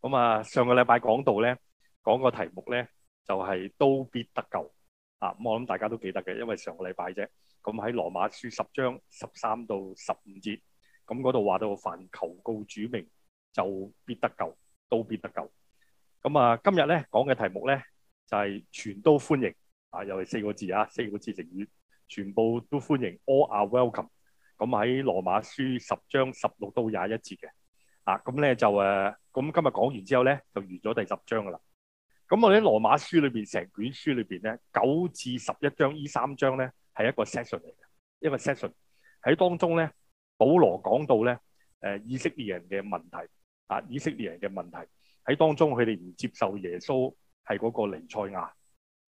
咁啊，上個禮拜講到咧，講個題目咧就係都必得救啊！咁我諗大家都記得嘅，因為上個禮拜啫。咁喺羅馬書十章十三到十五節，咁嗰度話到凡求告主名就必得救，都必得救。咁啊，今日咧講嘅題目咧就係全都歡迎啊，又係四個字啊，四個字成語，全部都歡迎，all are welcome。咁喺羅馬書十章十六到廿一節嘅。嗱，咁咧就誒，咁今日講完之後咧，就完咗第十章噶啦。咁我喺羅馬書裏邊，成卷書裏邊咧，九至十一章依三章咧係一個 session 嚟嘅，一個 session 喺當中咧，保羅講到咧誒，以色列人嘅問題啊，以色列人嘅問題喺當中，佢哋唔接受耶穌係嗰個尼賽亞，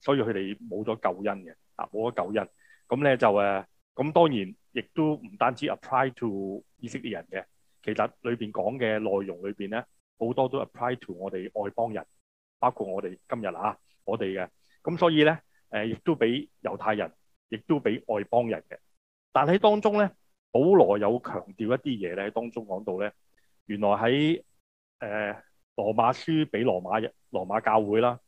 所以佢哋冇咗救恩嘅，啊冇咗救恩。咁咧就誒，咁當然亦都唔單止 apply to 以色列人嘅。其實裏邊講嘅內容裏邊咧，好多都 apply to 我哋外邦人，包括我哋今日啦，我哋嘅，咁所以咧，誒亦都俾猶太人，亦都俾外邦人嘅。但喺當中咧，保羅有強調一啲嘢咧，喺當中講到咧，原來喺誒羅馬書俾羅馬羅馬教會啦。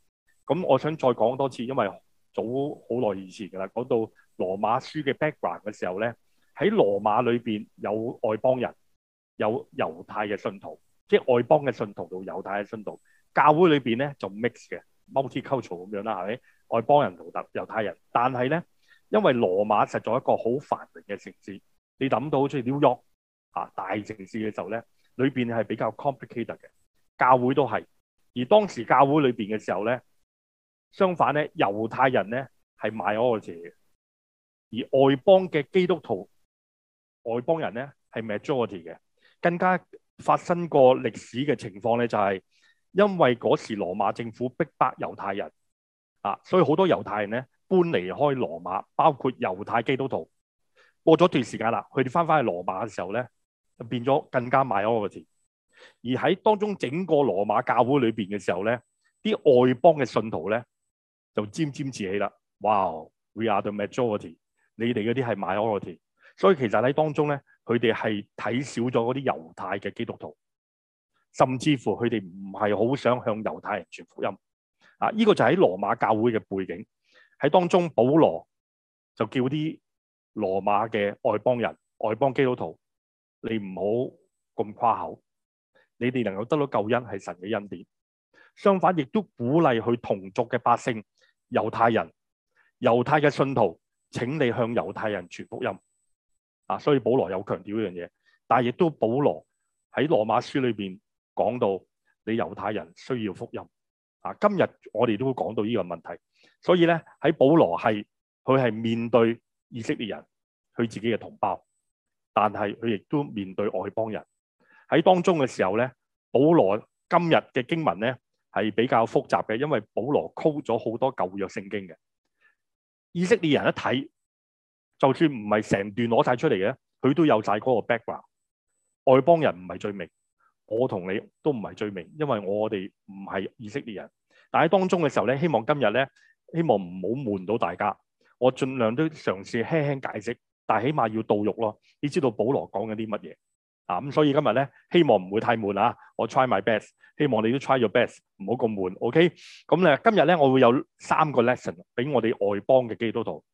咁我想再講多次，因為早好耐以前嘅啦，講到羅馬書嘅 background 嘅時候咧，喺羅馬裏邊有外邦人。有猶太嘅信徒，即外邦嘅信徒同猶太嘅信徒，教會裏面咧就 mix 嘅，multi-cultural 咁樣啦，係咪？外邦人同猶太人，但係咧，因為羅馬實在一個好繁榮嘅城市，你諗到好似紐約啊大城市嘅時候咧，裏邊係比較 complicated 嘅，教會都係。而當時教會裏面嘅時候咧，相反咧，猶太人咧係 minority 嘅，而外邦嘅基督徒，外邦人咧係 majority 嘅。更加發生過歷史嘅情況咧，就係因為嗰時羅馬政府逼迫迫猶太人啊，所以好多猶太人咧搬離開羅馬，包括猶太基督徒。過咗段時間啦，佢哋翻返去羅馬嘅時候咧，就變咗更加 minority。而喺當中整個羅馬教會裏邊嘅時候咧，啲外邦嘅信徒咧就沾沾自喜啦。哇，we are the majority，你哋嗰啲係 minority。所以其實喺當中咧。佢哋係睇少咗嗰啲猶太嘅基督徒，甚至乎佢哋唔係好想向猶太人傳福音。啊，呢個就喺羅馬教會嘅背景喺當中，保羅就叫啲羅馬嘅外邦人、外邦基督徒，你唔好咁誇口，你哋能夠得到救恩係神嘅恩典。相反，亦都鼓勵佢同族嘅百姓、猶太人、猶太嘅信徒，請你向猶太人傳福音。啊，所以保羅有強調呢樣嘢，但係亦都保羅喺羅馬書裏邊講到，你猶太人需要福音。啊，今日我哋都會講到呢個問題，所以咧喺保羅係佢係面對以色列人，佢自己嘅同胞，但係佢亦都面對外邦人。喺當中嘅時候咧，保羅今日嘅經文咧係比較複雜嘅，因為保羅溝咗好多舊約聖經嘅以色列人一睇。就算唔係成段攞晒出嚟嘅，佢都有晒嗰個 background。外邦人唔係最明，我同你都唔係最明，因為我哋唔係以色列人。但喺當中嘅時候咧，希望今日咧，希望唔好悶到大家。我盡量都嘗試輕輕解釋，但起碼要到肉咯，你知道保羅講緊啲乜嘢啊？咁、嗯、所以今日咧，希望唔會太悶啊！我 try my best，希望你都 try your best，唔好咁悶。OK，咁、嗯、咧今日咧，我會有三個 lesson 俾我哋外邦嘅基督徒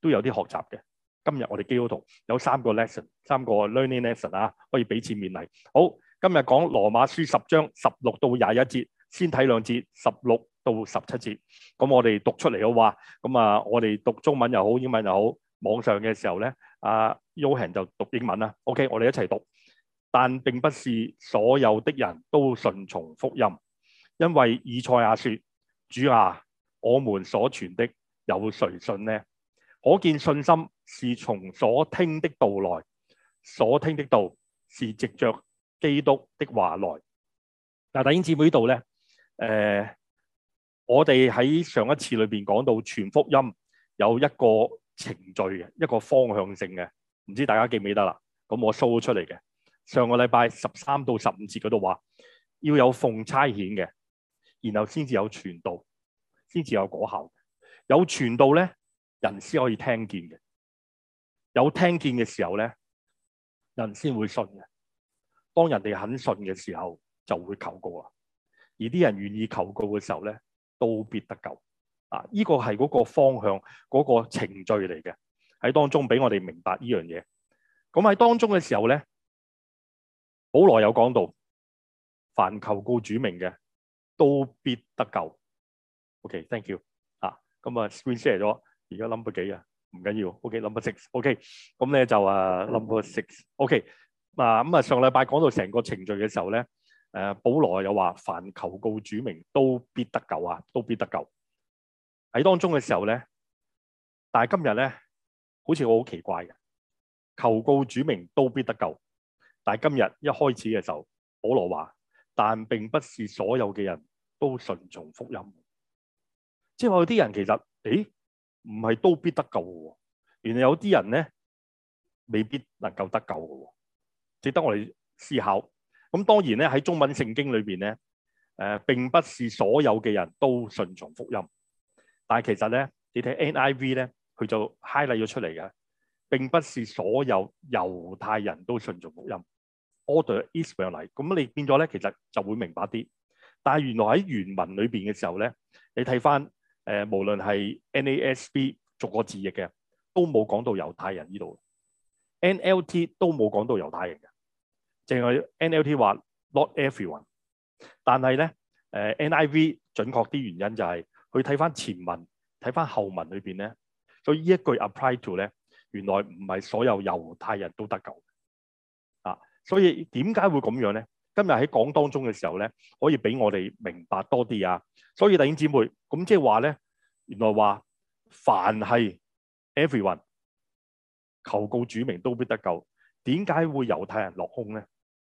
都有啲學習嘅。今日我哋基督徒有三個 lesson，三個 learning lesson 啊，可以彼此勉勵。好，今日講羅馬書十章十六到廿一節，先睇兩節十六到十七節。咁我哋讀出嚟嘅話，咁啊，我哋讀中文又好，英文又好，網上嘅時候咧，阿、啊、Yohan 就讀英文啦。OK，我哋一齊讀。但並不是所有的人都順從福音，因為以賽亞說：主啊，我們所傳的有誰信呢？可見信心是從所聽的道來，所聽的道是藉着基督的話來。嗱，弟兄姊妹呢度咧，誒、呃，我哋喺上一次裏邊講到全福音有一個程序嘅，一個方向性嘅，唔知大家記唔記得啦？咁我搜咗出嚟嘅，上個禮拜十三到十五節嗰度話，要有奉差遣嘅，然後先至有傳道，先至有果效。有傳道咧。人先可以聽見嘅，有聽見嘅時候咧，人先會信嘅。當人哋肯信嘅時候，就會求告啊。而啲人願意求告嘅時候咧，都必得救。啊，依個係嗰個方向，嗰個程序嚟嘅。喺當中俾我哋明白呢樣嘢。咁喺當中嘅時候咧，保羅有講到凡求告主名嘅，都必得救。OK，thank you。啊，咁啊 screen share 咗。而家 number 幾啊？唔緊要，OK，number six，OK，咁咧就啊，number six，OK，嗱，咁啊上禮拜講到成個程序嘅時候咧，誒，保羅又話凡求告主名都必得救啊，都必得救。喺當中嘅時候咧，但係今日咧，好似我好奇怪嘅，求告主名都必得救。但係今日一開始嘅時候，保羅話，但並不是所有嘅人都順從福音，即係有啲人其實誒。咦唔係都必得救嘅喎，原來有啲人咧未必能夠得救嘅喎，值得我哋思考。咁當然咧喺中文聖經裏邊咧，誒並不是所有嘅人都順從福音，但係其實咧你睇 NIV 咧，佢就 highlight 咗出嚟嘅，並不是所有猶太人都順從福音。Order is 唔係咁，你變咗咧，其實就會明白啲。但係原來喺原文裏邊嘅時候咧，你睇翻。誒，無論係 NASB 逐個字譯嘅，都冇講到猶太人呢度，NLT 都冇講到猶太人嘅，淨係 NLT 話 not everyone。但係咧，誒 NIV 準確啲原因就係佢睇翻前文、睇翻後文裏邊咧，所以呢一句 apply to 咧，原來唔係所有猶太人都得救啊！所以點解會咁樣咧？今日喺講當中嘅時候咧，可以俾我哋明白多啲啊！所以弟兄姊妹，咁即係話咧，原來話凡係 everyone 求告主名都必得救。點解會猶太人落空咧？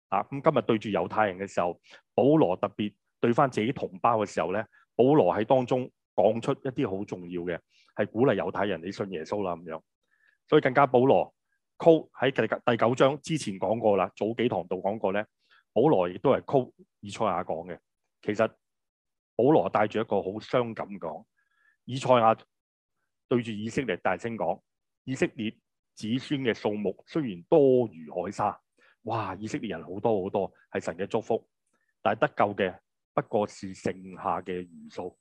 啊！咁今日對住猶太人嘅時候，保羅特別對翻自己同胞嘅時候咧，保羅喺當中講出一啲好重要嘅，係鼓勵猶太人你信耶穌啦咁樣。所以更加保羅喺第九章之前講過啦，早幾堂度講過咧。保羅亦都係曲以賽亞講嘅。其實保羅帶住一個好傷感講，以賽亞對住以色列大聲講：以色列子孫嘅數目雖然多如海沙，哇！以色列人好多好多，係神嘅祝福，但係得救嘅不過是剩下嘅餘數。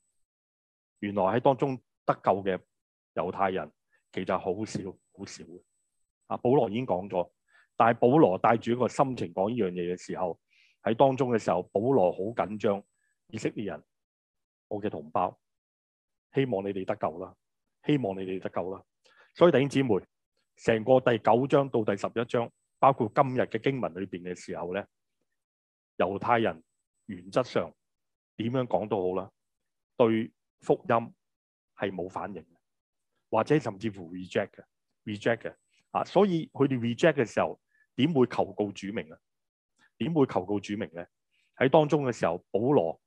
原來喺當中得救嘅猶太人其實好少好少嘅。啊，保羅已經講咗，但係保羅帶住一個心情講呢樣嘢嘅時候。喺當中嘅時候，保羅好緊張，以色列人，我嘅同胞，希望你哋得救啦，希望你哋得救啦。所以弟兄姊妹，成個第九章到第十一章，包括今日嘅經文裏邊嘅時候咧，猶太人原則上點樣講都好啦，對福音係冇反應嘅，或者甚至乎 reject 嘅，reject 嘅。啊，所以佢哋 reject 嘅時候，點會求告主名啊？.點會求告主名咧？喺當中嘅時候，保羅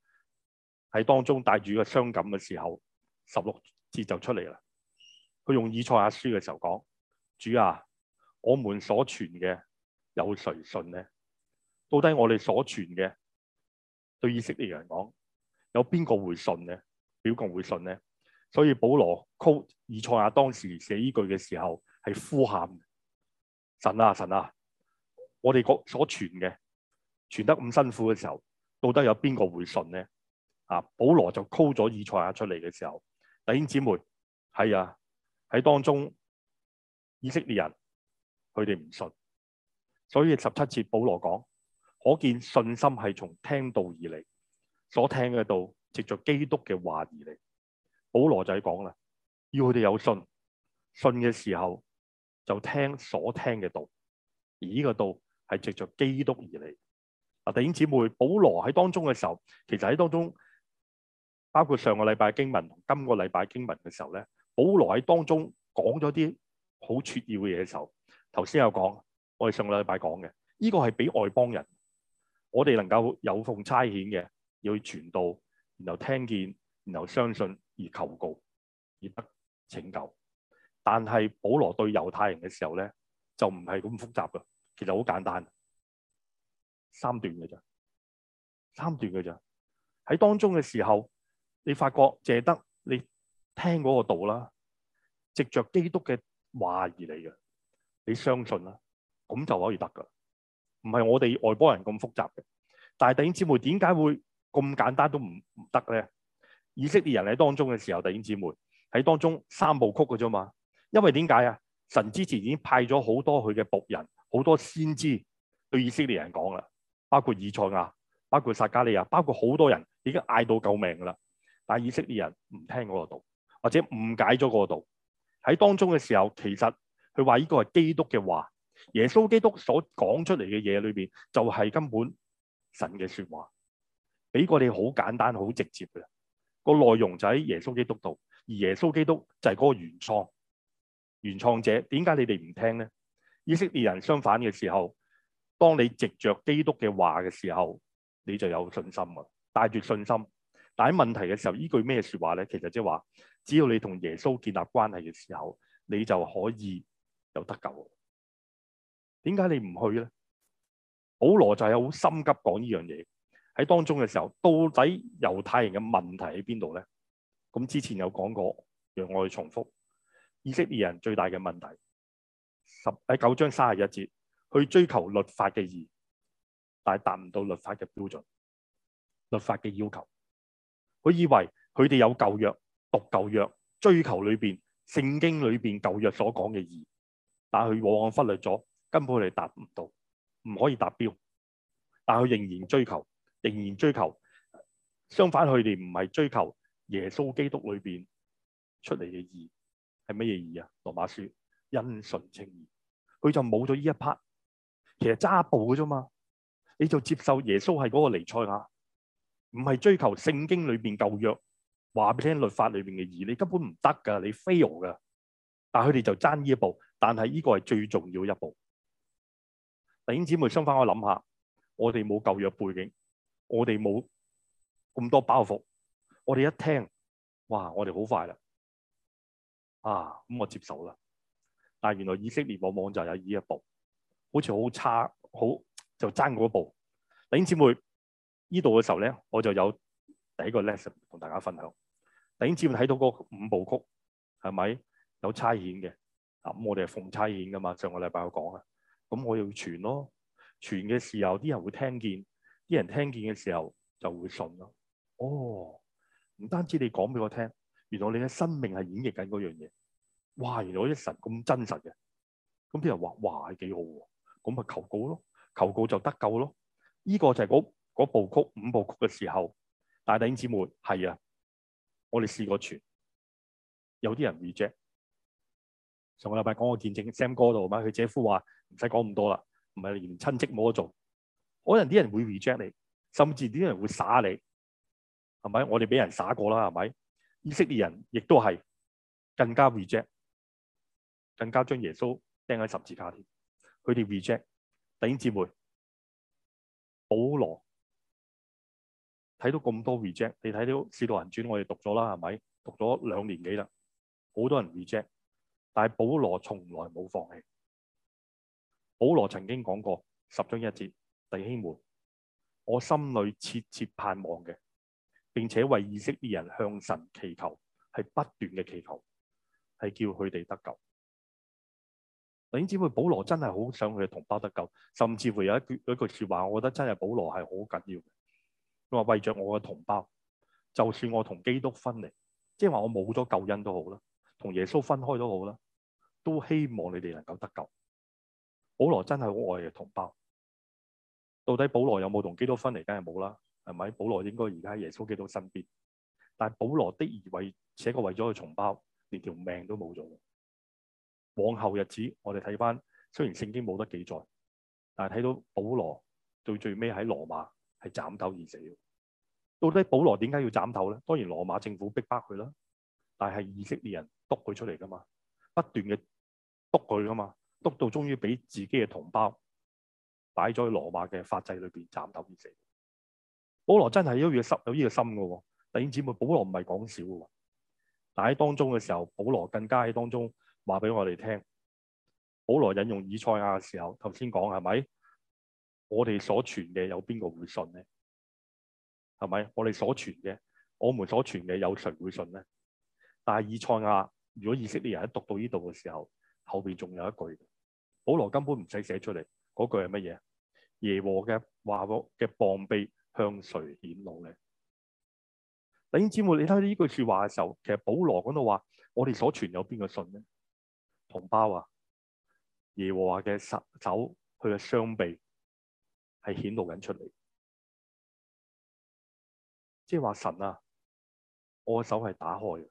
喺當中帶住個傷感嘅時候，十六節就出嚟啦。佢用以賽亞書嘅時候講：主啊，我們所傳嘅有誰信呢？到底我哋所傳嘅，對以色列人講，有邊個會信呢？誰會信呢？」所以保羅 quote 以賽亞當時寫呢句嘅時候，係呼喊：神啊，神啊，我哋所傳嘅。傳得咁辛苦嘅時候，到底有邊個會信呢？啊，保羅就 call 咗以賽亞出嚟嘅時候，弟兄姊妹，係啊，喺當中以色列人佢哋唔信，所以十七節，保羅講，可見信心係從聽道而嚟，所聽嘅道藉着基督嘅話而嚟。保羅就係講啦，要佢哋有信，信嘅時候就聽所聽嘅道，而呢個道係藉着基督而嚟。啊，弟兄姊妹，保羅喺當中嘅時候，其實喺當中包括上個禮拜的經文同今個禮拜的經文嘅時候咧，保羅喺當中講咗啲好重要嘅嘢嘅時候，頭先有講，我哋上個禮拜講嘅，呢個係俾外邦人，我哋能夠有奉差遣嘅，要去傳道，然後聽見，然後相信而求告而得拯救。但係保羅對猶太人嘅時候咧，就唔係咁複雜噶，其實好簡單。三段嘅咋，三段嘅咋。喺當中嘅時候，你發覺借得你聽嗰個道啦，藉着基督嘅話而嚟嘅，你相信啦，咁就可以得噶。唔係我哋外邦人咁複雜嘅。但係弟兄姊妹點解會咁簡單都唔唔得咧？以色列人喺當中嘅時候，弟兄姊妹喺當中三部曲嘅啫嘛。因為點解啊？神之前已經派咗好多佢嘅僕人，好多先知對以色列人講啦。包括以賽亞，包括撒加利亞，包括好多人已經嗌到救命噶啦，但係以色列人唔聽嗰個道，或者誤解咗嗰個道。喺當中嘅時候，其實佢話呢個係基督嘅話，耶穌基督所講出嚟嘅嘢裏邊，就係根本神嘅說話，俾過你好簡單、好直接嘅。個內容就喺耶穌基督度，而耶穌基督就係嗰個原創、原創者。點解你哋唔聽呢？以色列人相反嘅時候。當你藉着基督嘅話嘅時候，你就有信心噶。帶住信心，但喺問題嘅時候，呢句咩說話咧？其實即係話，只要你同耶穌建立關係嘅時候，你就可以有得救。點解你唔去咧？保羅就係好心急講呢樣嘢喺當中嘅時候，到底猶太人嘅問題喺邊度咧？咁之前有講過，讓我去重複以色列人最大嘅問題，十喺九章三十一節。去追求律法嘅義，但係達唔到律法嘅標準、律法嘅要求。佢以為佢哋有舊約、讀舊約、追求裏邊聖經裏邊舊約所講嘅義，但係佢往往忽略咗，根本佢哋達唔到，唔可以達標。但係佢仍然追求，仍然追求。相反，佢哋唔係追求耶穌基督裏邊出嚟嘅義，係乜嘢義啊？羅馬書因信稱義，佢就冇咗呢一 part。其實揸一步嘅啫嘛，你就接受耶穌係嗰個尼賽亞，唔係追求聖經裏邊舊約話俾你聽律法裏邊嘅義，你根本唔得噶，你 fail 噶。但係佢哋就爭呢一步，但係呢個係最重要的一步。弟兄姊妹，翻返去諗下，我哋冇舊約背景，我哋冇咁多包袱，我哋一聽，哇，我哋好快啦，啊，咁我接受啦。但係原來以色列往往就有呢一步。好似好差，好就爭嗰步。弟兄姊妹，呢度嘅時候咧，我就有第一個 lesson 同大家分享。弟兄姊妹睇到嗰五部曲係咪有差遣嘅？咁我哋係奉差遣噶嘛？上個禮拜我講啊，咁我要傳咯。傳嘅時候，啲人會聽見，啲人聽見嘅時候就會信咯。哦，唔單止你講俾我聽，原來你嘅生命係演繹緊嗰樣嘢。哇，原來我一神咁真實嘅，咁啲人話哇，係幾好喎。咁咪求告咯，求告就得救咯。呢、這個就係嗰部曲五部曲嘅時候，大弟兄姊妹係啊，我哋試過傳，有啲人 reject。上個禮拜講我見證 Sam 哥度，咪佢姐夫話唔使講咁多啦，唔係連親戚冇得做。可能啲人會 reject 你，甚至啲人會耍你，係咪？我哋俾人耍過啦，係咪？以色列人亦都係更加 reject，更加將耶穌釘喺十字架添。佢哋 reject 弟兄姊妹，保羅睇到咁多 reject，你睇到《使徒行傳》，我哋讀咗啦，係咪？讀咗兩年幾啦，好多人 reject，但係保羅從來冇放棄。保羅曾經講過十章一節，弟兄們，我心裏切切盼望嘅，並且為以色列人向神祈求，係不斷嘅祈求，係叫佢哋得救。弟兄姊妹，保羅真係好想佢嘅同胞得救，甚至乎有一句一句說話，我覺得真係保羅係好緊要嘅。佢話，為着我嘅同胞，就算我同基督分離，即係話我冇咗救恩都好啦，同耶穌分開都好啦，都希望你哋能夠得救。保羅真係好愛嘅同胞。到底保羅有冇同基督分離？梗係冇啦，係咪？保羅應該而家喺耶穌基督身邊，但係保羅的而且確為咗佢同胞，連條命都冇咗。往後日子，我哋睇返，雖然聖經冇得記載，但係睇到保羅到最尾喺羅馬係斬頭而死。到底保羅點解要斬頭咧？當然羅馬政府逼迫佢啦，但係以色列人督佢出嚟㗎嘛，不斷嘅督佢㗎嘛，督到終於俾自己嘅同胞擺咗喺羅馬嘅法制裏邊斬頭而死。保羅真係一要濕到有呢個心㗎喎。弟兄姊妹，保羅唔係講少㗎，但喺當中嘅時候，保羅更加喺當中。話俾我哋聽，保羅引用以賽亞嘅時候，頭先講係咪？我哋所傳嘅有邊個會信咧？係咪？我哋所傳嘅，我們所傳嘅有誰會信咧？但係以賽亞，如果以色列人喺讀到呢度嘅時候，後邊仲有一句，保羅根本唔使寫出嚟，嗰句係乜嘢？耶和嘅話嘅膀臂向誰顯露咧？弟兄姊妹，你睇呢句說話嘅時候，其實保羅嗰度話，我哋所傳有邊個信咧？同胞啊，耶和華嘅手，手佢嘅雙臂係顯露緊出嚟，即係話神啊，我嘅手係打開嘅，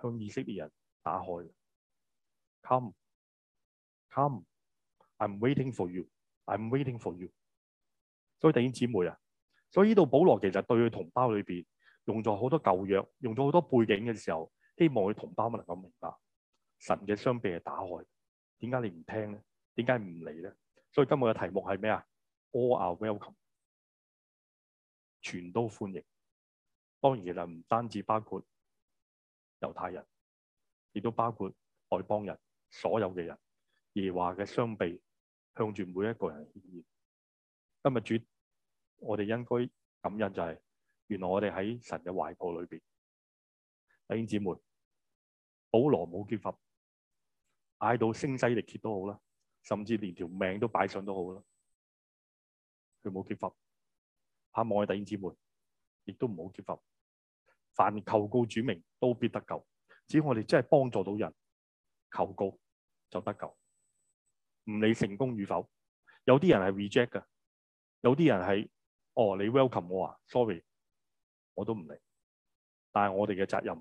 向以色列人打開嘅。Come，come，I'm waiting for you，I'm waiting for you。所以弟兄姊妹啊，所以呢度保羅其實對佢同胞裏邊用咗好多舊約，用咗好多背景嘅時候，希望佢同胞能夠明白。神嘅雙臂係打開，點解你唔聽咧？點解唔嚟咧？所以今日嘅題目係咩啊？All are welcome，全都歡迎。當然其實唔單止包括猶太人，亦都包括外邦人，所有嘅人。耶和華嘅雙臂向住每一個人顯現。今日主，我哋應該感恩就係、是，原來我哋喺神嘅懷抱裏邊。弟兄姊妹，保羅冇結犯。嗌到聲嘶力竭都好啦，甚至連條命都擺上都好啦，佢冇結合，吓望下弟兄姊妹，亦都冇結合。凡求告主名，都必得救。只要我哋真係幫助到人，求告就得救，唔理成功與否。有啲人係 reject 嘅，有啲人係哦，你 welcome 我啊，sorry，我都唔嚟。但係我哋嘅責任，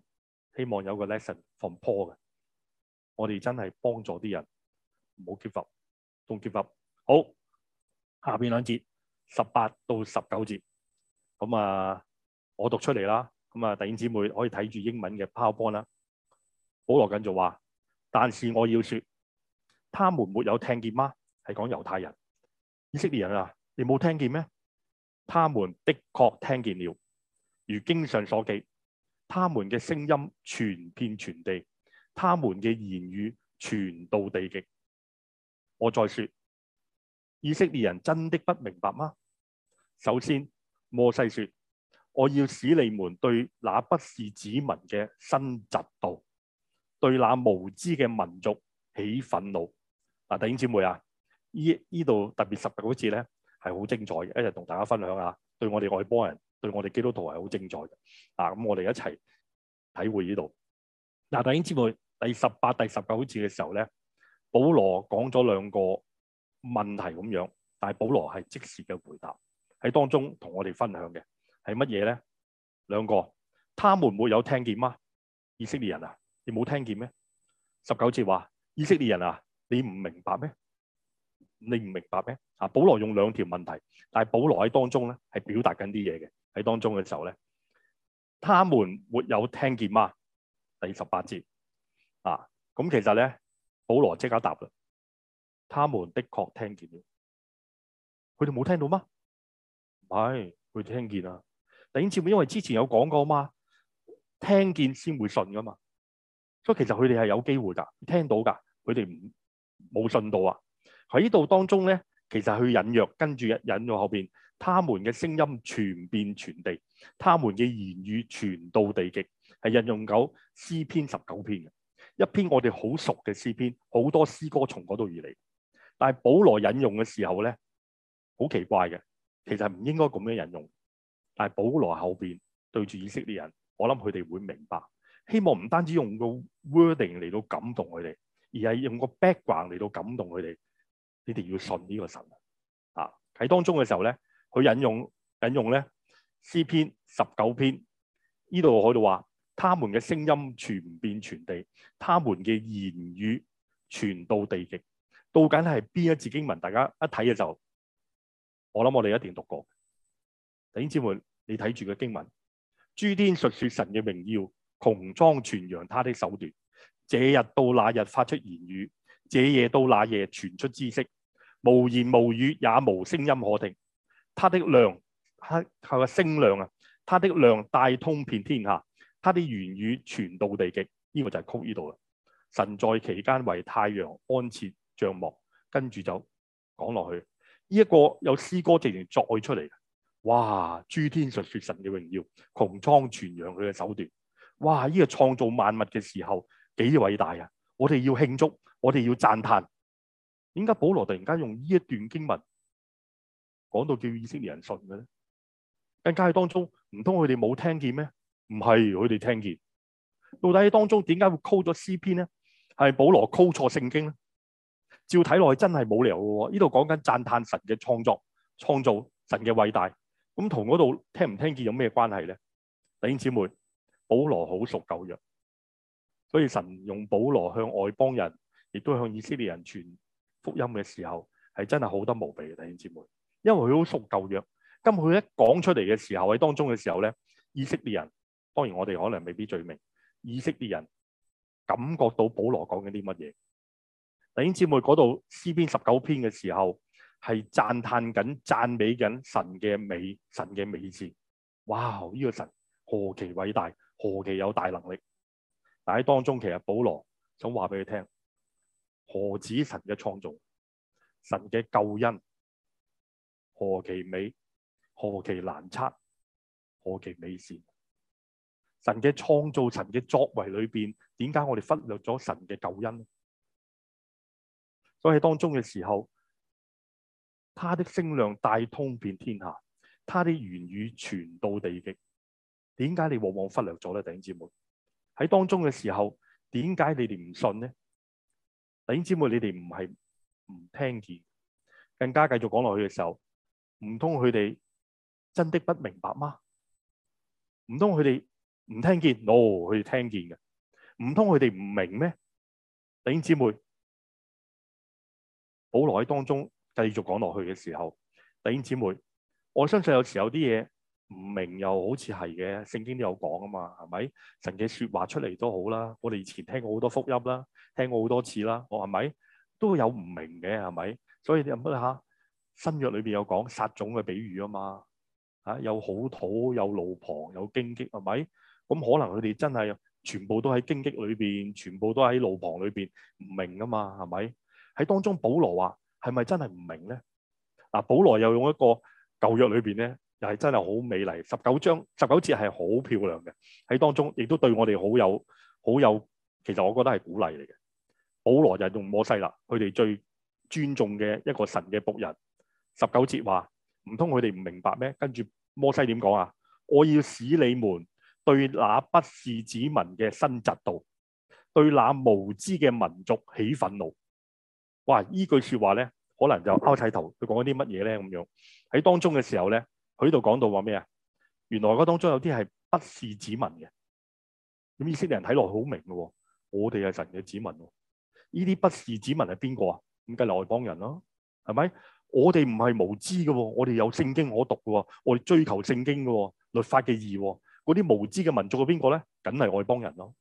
希望有個 lesson from Paul 嘅。我哋真係幫助啲人，唔好結合，仲結合。好，下邊兩節十八到十九節，咁啊，我讀出嚟啦，咁啊，弟兄姊妹可以睇住英文嘅 PowerPoint 啦。保羅繼就話，但是我要說，他們沒有聽見嗎？係講猶太人、以色列人啊，你冇聽見咩？他們的確聽見了，如經上所記，他們嘅聲音傳遍全地。他們嘅言語傳到地極。我再說，以色列人真的不明白嗎？首先，摩西說：我要使你們對那不是子民嘅生嫉妒，對那無知嘅民族起憤怒。嗱，弟兄姊妹啊，呢呢度特別十八個節咧係好精彩嘅，一齊同大家分享下，對我哋外邦人，對我哋基督徒係好精彩嘅。啊，咁我哋一齊體會呢度。嗱，弟兄姊妹。第十八、第十九節嘅時候咧，保羅講咗兩個問題咁樣，但係保羅係即時嘅回答喺當中同我哋分享嘅係乜嘢咧？兩個，他們沒有聽見嗎？以色列人啊，你冇聽見咩？十九節話，以色列人啊，你唔明白咩？你唔明白咩？啊，保羅用兩條問題，但係保羅喺當中咧係表達緊啲嘢嘅，喺當中嘅時候咧，他們沒有聽見嗎？第十八節。咁、啊、其實咧，保羅即刻答啦。他們的確聽見了，佢哋冇聽到嗎？唔係，佢聽見啦。但係因因為之前有講過嘛，聽見先會信噶嘛。所以其實佢哋係有機會噶，聽到噶。佢哋唔冇信到啊。喺呢度當中咧，其實佢引弱跟住引咗後邊，他們嘅聲音全遍傳地，他們嘅言語傳到地極，係引用九詩篇十九篇嘅。一篇我哋好熟嘅詩篇，好多詩歌從嗰度而嚟。但係保羅引用嘅時候咧，好奇怪嘅。其實唔應該咁樣引用。但係保羅後邊對住以色列人，我諗佢哋會明白。希望唔單止用個 wording 嚟到感動佢哋，而係用個 background 嚟到感動佢哋。你哋要信呢個神啊！喺當中嘅時候咧，佢引用引用咧詩篇十九篇呢度喺度話。他們嘅聲音傳遍全地，他們嘅言語傳到地極。到底係邊一節經文？大家一睇嘅就我諗，我哋一定讀過弟兄姊妹。你睇住嘅經文，諸天述説神嘅榮耀，穹蒼傳揚他的手段。這日到那日發出言語，這夜到那夜傳出知識，無言無語也無聲音可聽。他的量，他佢話聲量啊，他的量帶通遍天下。他的言語傳到地極，呢個就係曲呢度啦。神在期間為太陽安設帳幕，跟住就講落去。呢一個有詩歌直情作出嚟嘅，哇！諸天述說神嘅榮耀，穹蒼傳揚佢嘅手段，哇！呢個創造萬物嘅時候幾偉大啊！我哋要慶祝，我哋要讚嘆。點解保羅突然間用呢一段經文講到叫以色列人信嘅咧？更加係當中唔通佢哋冇聽見咩？唔係佢哋聽見，到底喺當中點解會 call 咗詩篇咧？係保羅 call 錯聖經咧？照睇落去真係冇理由喎。呢度講緊讚嘆神嘅創作、創造神嘅偉大，咁同嗰度聽唔聽見有咩關係咧？弟兄姊妹，保羅好熟舊約，所以神用保羅向外邦人，亦都向以色列人傳福音嘅時候，係真係好得無比嘅。弟兄姊妹，因為佢好熟舊約，咁佢一講出嚟嘅時候，喺當中嘅時候咧，以色列人。當然，我哋可能未必最明以色列人感覺到保羅講緊啲乜嘢？弟兄姊妹嗰度詩篇十九篇嘅時候，係讚嘆緊、讚美緊神嘅美、神嘅美善。哇！呢、這個神何其偉大，何其有大能力。但喺當中，其實保羅想話俾你聽：何止神嘅創造，神嘅救恩何其美，何其難測，何其美善。神嘅創造、神嘅作為裏邊，點解我哋忽略咗神嘅救恩？所以當中嘅時候，他的聲量大通遍天下，他的言語傳到地極。點解你往往忽略咗咧？弟兄姊妹喺當中嘅時候，點解你哋唔信呢？弟兄姊妹，你哋唔係唔聽見，更加繼續講落去嘅時候，唔通佢哋真的不明白嗎？唔通佢哋？唔聽見，哦，佢哋聽見嘅，唔通佢哋唔明咩？弟兄姊妹，保羅喺當中繼續講落去嘅時候，弟兄姊妹，我相信有時候有啲嘢唔明，又好似係嘅，聖經都有講啊嘛，係咪？神嘅說話出嚟都好啦，我哋以前聽過好多福音啦，聽過好多次啦，我係咪？都有唔明嘅，係咪？所以你諗下，新約裏邊有講撒種嘅比喻啊嘛，啊有好土，有路旁，有荊棘，係咪？咁可能佢哋真係全部都喺荊棘裏面，全部都喺路旁裏面，唔明噶嘛，係咪？喺當中，保羅話係咪真係唔明咧？嗱，保羅又用一個舊約裏面咧，又係真係好美麗，十九章十九節係好漂亮嘅。喺當中亦都對我哋好有好有，其實我覺得係鼓勵嚟嘅。保羅就用摩西啦，佢哋最尊重嘅一個神嘅僕人。十九節話唔通佢哋唔明白咩？跟住摩西點講啊？我要使你們。對那不是子民嘅生嫉妒，對那無知嘅民族起憤怒。哇！句話呢句說話咧，可能就拗晒頭。佢講緊啲乜嘢咧？咁樣喺當中嘅時候咧，佢呢度講到話咩啊？原來嗰當中有啲係不是子民嘅。咁意思，人睇落好明嘅。我哋係神嘅子民。呢啲不是子民係邊個啊？咁梗係外邦人咯，啊，係咪？我哋唔係無知嘅，我哋有聖經可讀嘅，我哋追求聖經嘅，律法嘅義的。嗰啲無知嘅民族係邊個咧？梗係外邦人咯。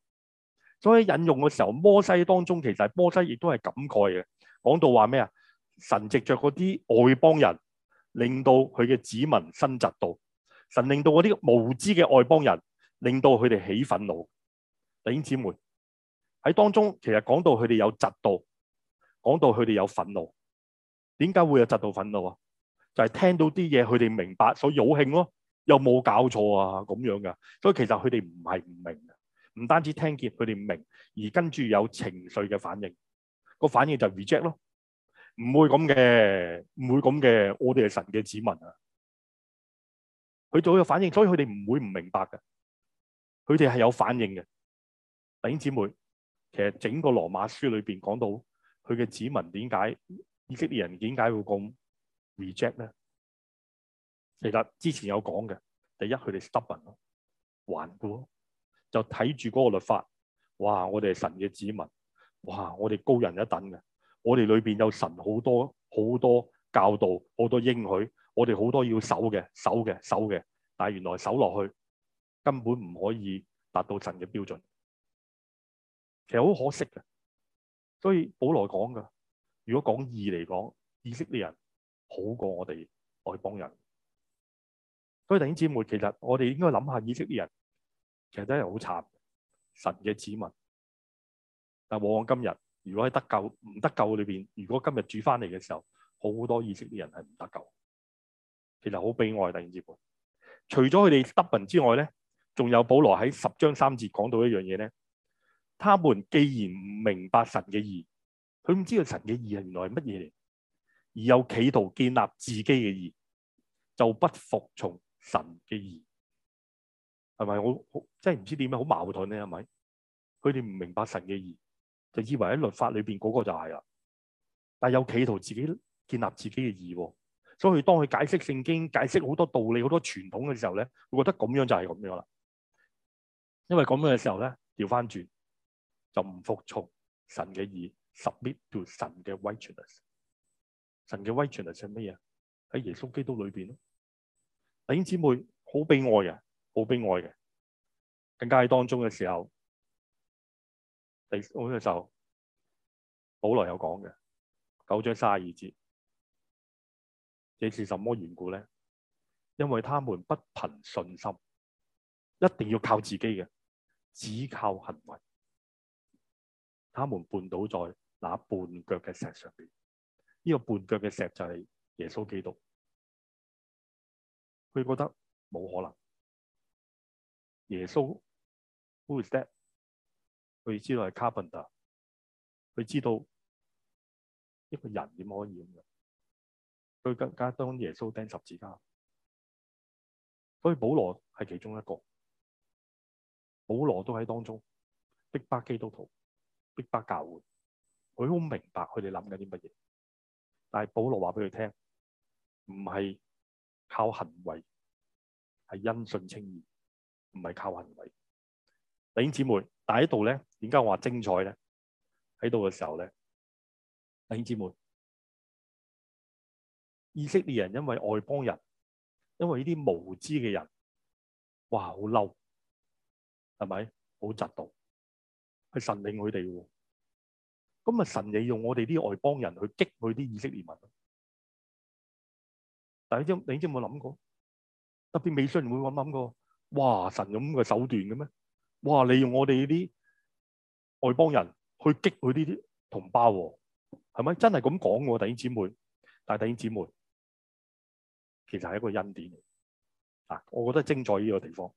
所以引用嘅時候，摩西當中其實摩西亦都係感慨嘅，講到話咩啊？神藉着嗰啲外邦人，令到佢嘅子民生嫉妒；神令到嗰啲無知嘅外邦人，令到佢哋起憤怒。弟兄姊妹喺當中，其實講到佢哋有嫉妒，講到佢哋有憤怒，點解會有嫉妒憤怒？就係、是、聽到啲嘢，佢哋明白，所以好興咯。有冇搞錯啊？咁樣嘅，所以其實佢哋唔係唔明嘅，唔單止聽見佢哋唔明，而跟住有情緒嘅反應，個反應就 reject 咯，唔會咁嘅，唔會咁嘅，我哋係神嘅子民啊！佢做有反應，所以佢哋唔會唔明白嘅，佢哋係有反應嘅。弟兄姊妹，其實整個羅馬書裏邊講到佢嘅子民點解，以色列人點解會咁 reject 咧？其實之前有講嘅，第一佢哋 stubborn 咯，頑固咯，就睇住嗰個律法，哇！我哋係神嘅子民，哇！我哋高人一等嘅，我哋裏邊有神好多好多教導，好多應許，我哋好多要守嘅，守嘅，守嘅，但係原來守落去根本唔可以達到神嘅標準。其實好可惜嘅，所以保羅講噶，如果講義嚟講，以色列人好過我哋外邦人。所以弟兄姊妹，其實我哋應該諗下以色列人，其實真係好慘，神嘅子民。但往往今日，如果喺「得救唔得救裏邊，如果今日主翻嚟嘅時候，好多以色列人係唔得救，其實好悲哀。弟兄姊妹，除咗佢哋得聞之外咧，仲有保羅喺十章三節講到一樣嘢咧，他們既然唔明白神嘅義，佢唔知道神嘅義係原來係乜嘢嚟，而有企圖建立自己嘅義，就不服從。神嘅義係咪？我好真係唔知點樣好矛盾咧，係咪？佢哋唔明白神嘅義，就以為喺律法裏邊嗰個就係啦。但係有企圖自己建立自己嘅義，所以當佢解釋聖經、解釋好多道理、好多傳統嘅時候咧，佢覺得咁樣就係咁樣啦。因為咁樣嘅時候咧，調返轉就唔服從神嘅義，submit to 神嘅威權。神嘅威權係咩嘢？喺耶穌基督裏邊。弟兄姊妹，好悲哀嘅，好悲哀嘅，更加喺當中嘅時候，第我時候保羅有講嘅，九章卅二節，這是什麼緣故咧？因為他們不憑信心，一定要靠自己嘅，只靠行為，他們絆倒在那絆腳嘅石上邊，呢、這個絆腳嘅石就係耶穌基督。佢覺得冇可能耶穌。耶穌，who is that？佢知道係 carpenter。佢知道一個人點可以咁樣。佢更加當耶穌釘十字架。所以保羅係其中一個。保羅都喺當中逼迫基督徒，逼迫教會。佢好明白佢哋諗緊啲乜嘢，但係保羅話俾佢聽，唔係。靠行為係因信稱義，唔係靠行為。弟兄姊妹，但喺度咧，點解話精彩咧？喺度嘅時候咧，弟兄姊妹，以色列人因為外邦人，因為呢啲無知嘅人，哇，好嬲，係咪？好嫉妒，係神令佢哋。咁啊，神利用我哋啲外邦人去激佢啲以色列民。弟兄你知冇諗過？特別美商會有冇諗過？哇！神咁嘅手段嘅咩？哇！利用我哋呢啲外邦人去激佢啲啲同胞喎，係咪真係咁講？我弟兄姊妹，但係弟兄姊妹其實係一個恩典嚟，嗱，我覺得精彩呢個地方。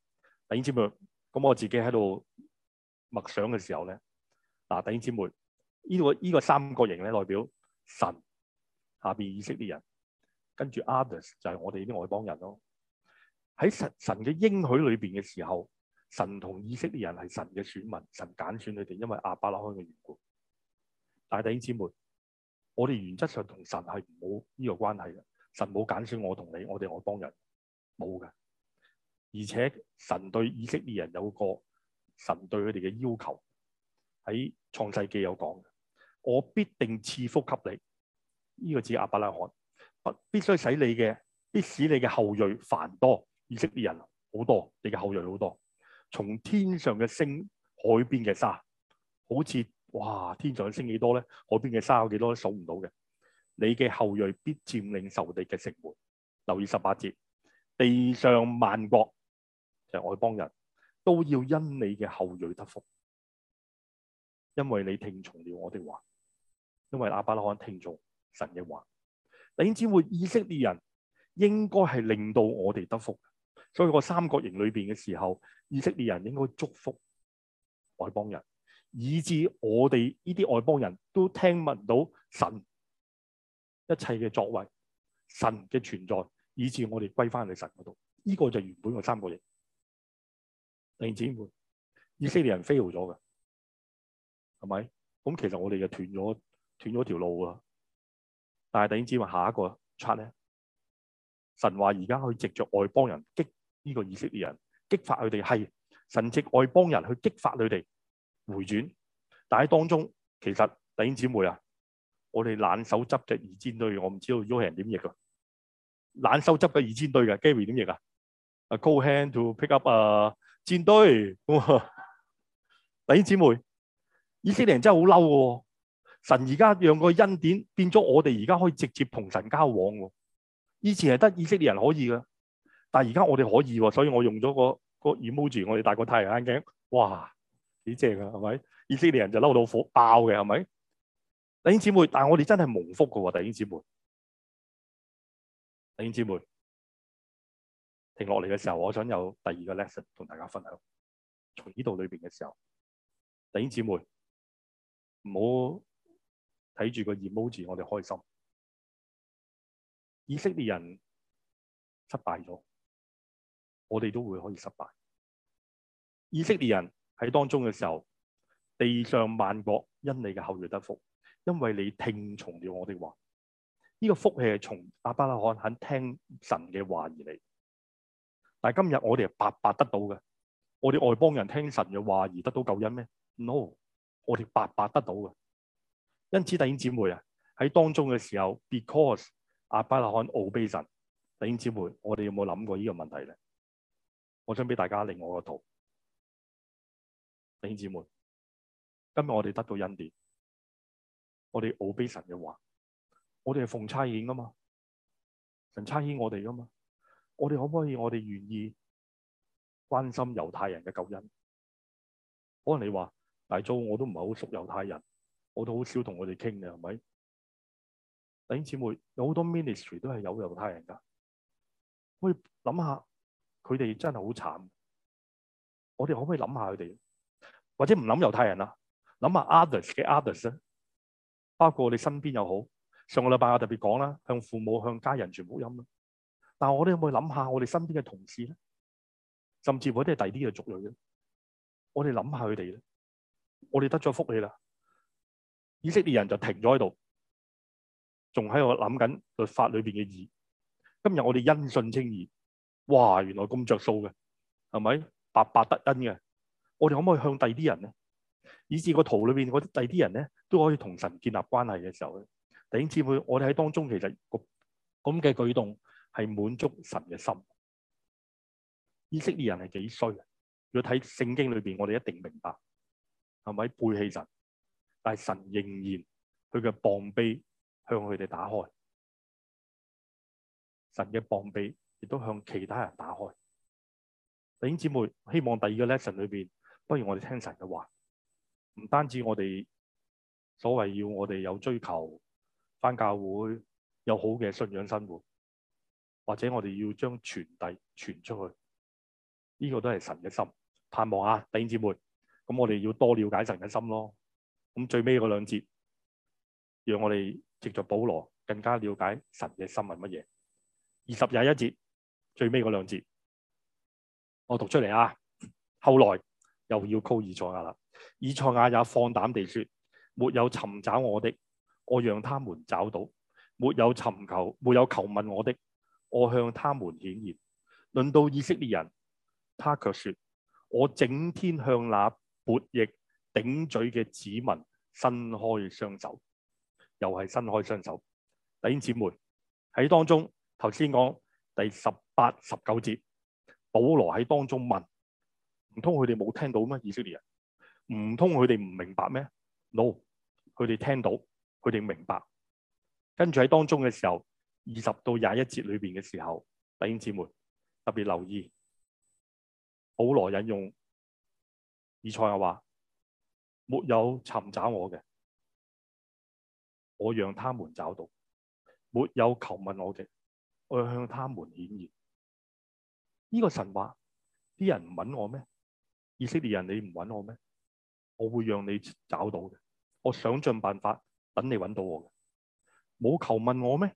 弟兄姊妹，咁我自己喺度默想嘅時候咧，嗱，弟兄姊妹，呢個呢個三角形咧，代表神，下邊以色列人。跟住 others 就係我哋呢啲外邦人咯。喺神神嘅應許裏面嘅時候，神同以色列人係神嘅選民，神揀選佢哋，因為阿伯拉罕嘅緣故。大弟兄姊妹，我哋原則上同神係冇呢個關係嘅，神冇揀選我同你，我哋外邦人冇嘅。而且神對以色列人有個神對佢哋嘅要求，喺創世記有講嘅。我必定賜福給你，呢、這個只係阿伯拉罕。必須使你嘅，必使你嘅後裔繁多，以色列人好多,好多，你嘅後裔好多。從天上嘅星，海邊嘅沙，好似哇，天上嘅星幾多咧？海邊嘅沙有幾多？數唔到嘅。你嘅後裔必佔領仇敵嘅城門。留意十八節，地上萬國，就係外邦人，都要因你嘅後裔得福，因為你聽從了我哋話，因為亞伯拉罕聽從神嘅話。弟兄姊妹，以色列人應該係令到我哋得福的，所以個三角形裏邊嘅時候，以色列人應該祝福外邦人，以至我哋呢啲外邦人都聽聞到神一切嘅作為，神嘅存在，以至我哋歸翻去神嗰度。呢、這個就是原本個三角形。弟兄姊妹，以色列人 fail 咗嘅，係咪？咁其實我哋就斷咗斷咗條路啊！但係弟兄姊妹，下一個測咧，神話而家去藉着外邦人激呢個以色列人，激發佢哋係神藉外邦人去激發佢哋回轉。但喺當中，其實弟兄姊妹啊，我哋冷手執隻熱煎堆，我唔知道 Yohan 點譯噶，冷手執嘅熱煎堆嘅 Gary 點譯啊？譯啊，Go hand to pick up 啊、uh,，煎堆。弟兄姊妹，以色列人真係好嬲噶。神而家讓個恩典變咗，我哋而家可以直接同神交往。以前係得以色列人可以噶，但係而家我哋可以，所以我用咗個個 emoji，我哋戴個太陽眼鏡。哇，幾正噶，係咪？以色列人就嬲到火爆嘅，係咪？弟兄姊妹，但係我哋真係蒙福噶，弟兄姊妹。弟兄姊妹，停落嚟嘅時候，我想有第二個 lesson 同大家分享，從呢度裏邊嘅時候，弟兄姊妹，唔好。睇住個 emoji，我哋開心。以色列人失敗咗，我哋都會可以失敗。以色列人喺當中嘅時候，地上萬國因你嘅後裔得福，因為你聽從了我哋話。呢、這個福氣係從亞伯拉罕肯聽神嘅話而嚟。但係今日我哋係白白得到嘅。我哋外邦人聽神嘅話而得到救恩咩？No，我哋白白得到嘅。因此，弟兄姊妹啊，喺當中嘅時候，because 阿巴勒翰 obey 神，弟兄姊妹，我哋有冇諗過呢個問題咧？我想俾大家另外一個圖，弟兄姊妹，今日我哋得到恩典，我哋 obey 神嘅話，我哋係奉差遣噶嘛？神差遣我哋噶嘛？我哋可唔可以？我哋願意關心猶太人嘅救恩？可能你話大周我都唔係好熟猶太人。我都好少同我哋傾嘅，係咪？弟兄姊妹，有好多 ministry 都係有猶太人噶。我我可，可以諗下佢哋真係好慘。我哋可唔可以諗下佢哋？或者唔諗猶太人啦，諗下 others 嘅 others 咧，包括我哋身邊又好。上個禮拜我特別講啦，向父母、向家人全部飲。但我哋可唔可以諗下我哋身邊嘅同事咧？甚至乎嗰啲係第二啲嘅族裔咧。我哋諗下佢哋咧。我哋得咗福氣啦。以色列人就停咗喺度，仲喺度諗緊律法裏邊嘅意。今日我哋因信稱義，哇，原來咁着數嘅，係咪白白得恩嘅？我哋可唔可以向第啲人咧？以至個圖裏邊嗰第啲人咧，都可以同神建立關係嘅時候咧，弟兄姊妹，我哋喺當中其實個咁嘅舉動係滿足神嘅心。以色列人係幾衰啊，如果睇聖經裏邊，我哋一定明白，係咪背棄神？但是神仍然佢嘅膀臂向佢哋打開，神嘅膀臂亦都向其他人打開。弟兄姊妹，希望第二個 lesson 裏邊，不如我哋聽神嘅話，唔單止我哋所謂要我哋有追求，翻教會有好嘅信仰生活，或者我哋要將傳遞傳出去，呢個都係神嘅心盼望啊！弟兄姊妹，咁我哋要多了解神嘅心咯。咁最尾嗰兩節，讓我哋藉助保羅更加了解神嘅心意係乜嘢。二十廿一節最尾嗰兩節，我讀出嚟啊！後來又要叫以賽亞啦。以賽亞也放膽地說：，沒有尋找我的，我讓他們找到；沒有尋求、沒有求問我的，我向他們顯現。論到以色列人，他卻說：，我整天向那悖逆頂嘴嘅子民。伸開雙手，又係伸開雙手。弟兄姊妹喺當中，頭先講第十八、十九節，保羅喺當中問：唔通佢哋冇聽到咩？以色列人，唔通佢哋唔明白咩？No，佢哋聽到，佢哋明白。跟住喺當中嘅時候，二十到廿一節裏邊嘅時候，弟兄姊妹特別留意，保羅引用以賽說《以賽亞》話。沒有尋找我嘅，我讓他們找到；沒有求問我嘅，我向他們顯現。呢、這個神話，啲人唔揾我咩？以色列人你唔揾我咩？我會讓你找到嘅，我想盡辦法等你揾到我嘅。冇求問我咩？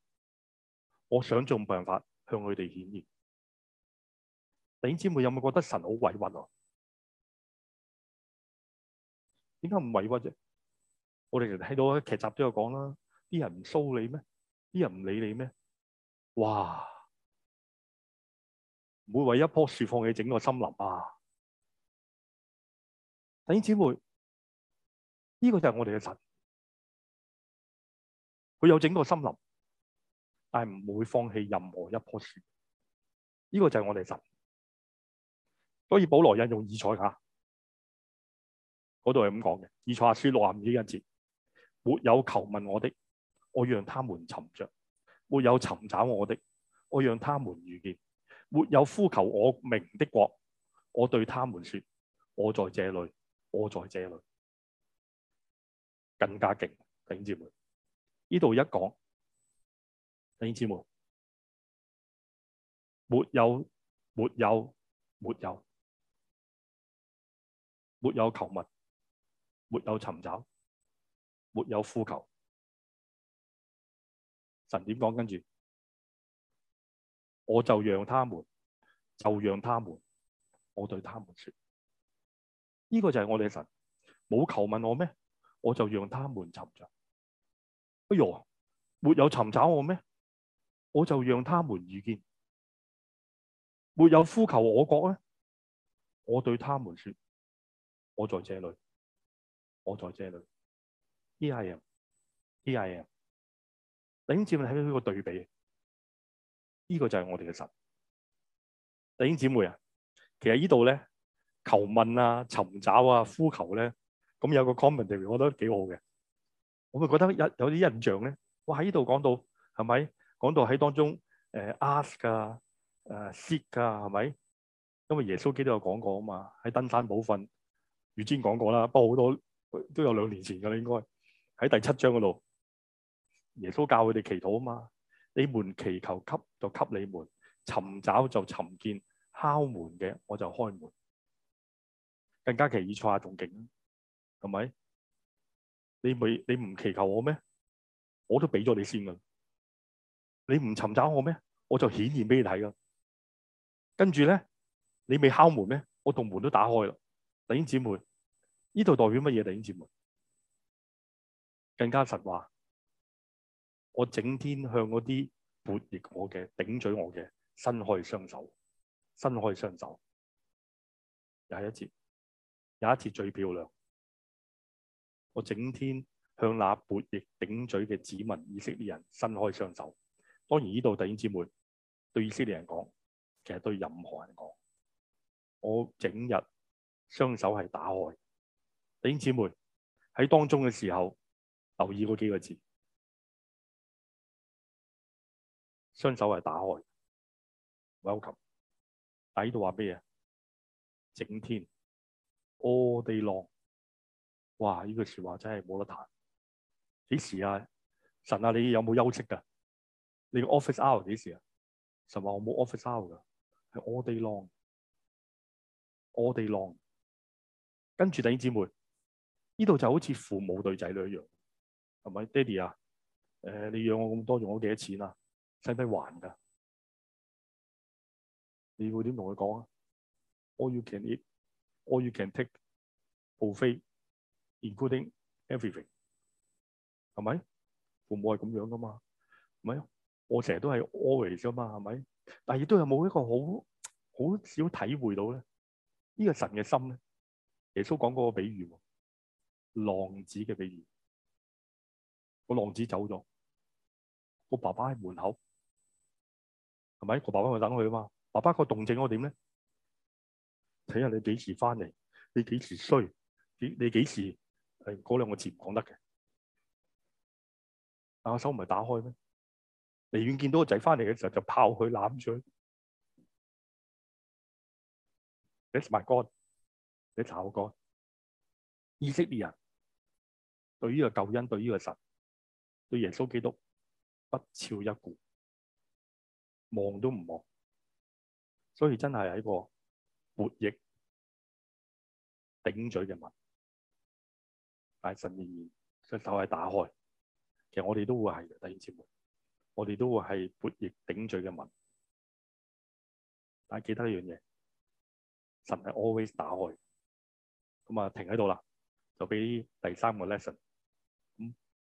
我想盡辦法向佢哋顯現。弟兄姊妹有冇覺得神好委屈啊？點解唔委屈啫？我哋睇到劇集都有講啦，啲人唔騷你咩？啲人唔理你咩？哇！唔會為一棵樹放棄整個森林啊！弟兄姊妹，呢、這個就係我哋嘅神，佢有整個森林，但係唔會放棄任何一棵樹。呢、這個就係我哋嘅神。所以保羅引用異彩吓。嗰度係咁講嘅，以賽亞書六十五章一節：沒有求問我的，我讓他們沉着；沒有尋找我的，我讓他們遇見；沒有呼求我名的國，我對他們說：我在這裏，我在這裏。我」更加勁，弟兄姊妹，呢度一講，弟兄姊妹，沒有沒有沒有沒有求問。沒有尋找，沒有呼求，神點講？跟住，我就讓他們，就讓他們，我對他們說：呢個就係我哋嘅神，冇求問我咩？我就讓他們尋找。哎喲，沒有尋找我咩？我就讓他們遇見。沒有呼求我國咧，我對他們說：我在這裡。我在這裏。e i 啊，e i 啊。弟兄姊妹睇到呢個對比，呢、這個就係我哋嘅神。弟兄姊妹啊，其實這裡呢度咧求問啊、尋找啊、呼求咧，咁有個 commentary，我覺得幾好嘅。我咪覺得有有啲印象咧，我喺呢度講到係咪？講到喺當中誒、呃、ask 啊、誒、呃、seek 啊，係咪？因為耶穌基督有講過啊嘛，喺登山寶訓預先講過啦，不過好多。都有兩年前噶啦，應該喺第七章嗰度，耶穌教佢哋祈禱啊嘛。你們祈求給就給你們，尋找就尋見，敲門嘅我就開門。更加奇異錯下仲勁啦，係咪？你未你唔祈求我咩？我都俾咗你先噶。你唔尋找我咩？我就顯現俾你睇噶。跟住咧，你未敲門咩？我度門都打開啦。弟兄姊妹。呢度代表乜嘢？弟兄姊妹，更加實話，我整天向嗰啲叛逆我嘅、頂嘴我嘅，伸開雙手，伸開雙手。又一次，又一次最漂亮。我整天向那叛逆、頂嘴嘅子民以色列人伸開雙手。當然呢度弟兄姊妹對以色列人講，其實對任何人講，我整日雙手係打開。弟兄姊妹，喺當中嘅時候，留意嗰幾個字，雙手係打開，welcome。喺度話咩嘢？整天 all day long，哇！呢句說話真係冇得彈。幾時啊？神啊，你有冇休息噶、啊？你個 office hour 幾時啊？神話我冇 office hour 噶，係 all day long，all day long。跟住弟兄姊妹。呢度就好似父母對仔女一樣，係咪？d 爹哋啊，誒、呃，你養我咁多，用咗幾多錢啊？使唔使還噶？你會點同佢講啊？All you can eat, all you can take, buffet, including everything。係咪？父母係咁樣噶嘛？係咪，我成日都係 always 噶嘛，係咪？但亦都有冇一個好好少體會到咧？呢、這個神嘅心咧，耶穌講嗰個比喻。浪子嘅比喻，個浪子走咗，個爸爸喺門口，係咪？個爸爸去等佢啊嘛。爸爸個動靜我點咧？睇下你幾時翻嚟，你幾時衰？你你幾時？誒、哎，嗰兩個字唔講得嘅，但我手唔係打開咩？離遠見到個仔翻嚟嘅時候就抱佢攬住佢，你食埋干，你炒干，以色列人。對呢個救恩，對呢個神，對耶穌基督不屑一顧，望都唔望，所以真係一個悖逆頂嘴嘅民。但神仍然嘅手係打開，其實我哋都會係第二節目，我哋都會係悖逆頂嘴嘅民。但係記得一樣嘢，神係 always 打開，咁啊停喺度啦，就俾第三個 lesson。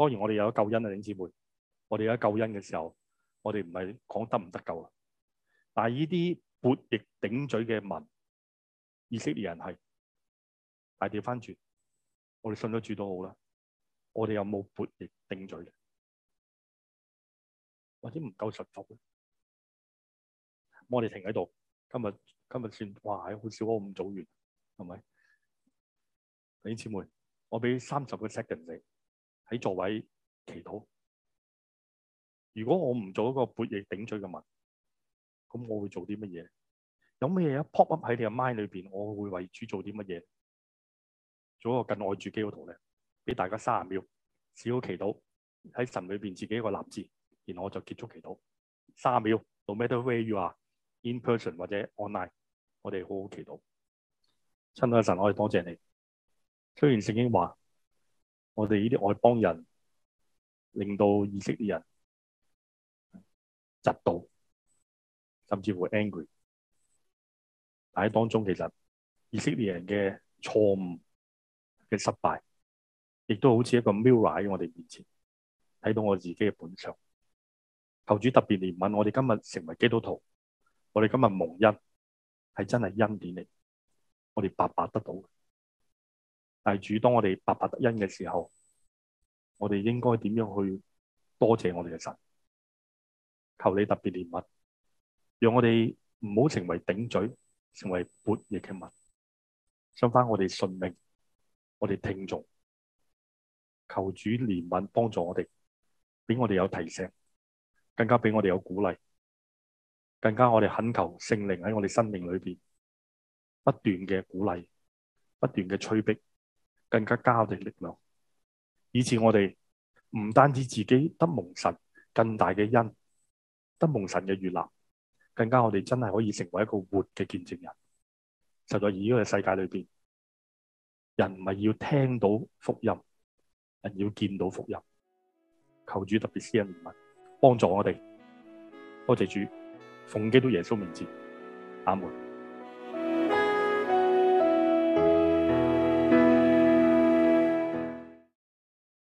當然我哋有救恩啊，弟兄姊妹，我哋而家救恩嘅時候，我哋唔係講得唔得救啊。但係呢啲悖逆頂嘴嘅民，以色列人係大調翻轉，我哋信咗主都好啦。我哋有冇悖逆頂嘴或者唔夠順服嘅？咁我哋停喺度，今日今日算，哇，好少我咁早完，係咪？弟兄姊妹，我俾三十個 second 喺座位祈禱。如果我唔做一個叛逆頂嘴嘅問，咁我會做啲乜嘢？有乜嘢一 pop up 喺你嘅 mind 裏邊，我會為主做啲乜嘢？做一個更愛主機嘅圖咧，俾大家三十秒，只要祈禱喺神裏邊自己一個立志，然後我就結束祈禱。三十秒，no matter where you are，in person 或者 online，我哋好好祈禱。親愛神，我哋多謝你。雖然聖經話。我哋呢啲外邦人，令到以色列人嫉妒，甚至乎 angry。但喺當中，其實以色列人嘅錯誤嘅失敗，亦都好似一個 mirror 喺我哋面前，睇到我自己嘅本相。求主特別憐憫我哋，今日成為基督徒，我哋今日蒙恩，係真係恩典嚟，我哋白白得到嘅。但是主，當我哋白白得恩嘅時候，我哋應該點樣去多謝我哋嘅神？求你特別憐憫，讓我哋唔好成為頂嘴、成為悖逆嘅民。相反，我哋順命，我哋聽從，求主憐憫，幫助我哋，俾我哋有提醒，更加俾我哋有鼓勵，更加我哋懇求聖靈喺我哋生命裏邊不斷嘅鼓勵，不斷嘅催逼。更加加我哋力量，以前我哋唔單止自己得蒙神更大嘅恩，得蒙神嘅悅納，更加我哋真係可以成為一個活嘅見證人。就在而家個世界裏邊，人唔係要聽到福音，人要見到福音。求主特別賜恩憐憫，幫助我哋。多謝主，奉基督耶穌名字，阿門。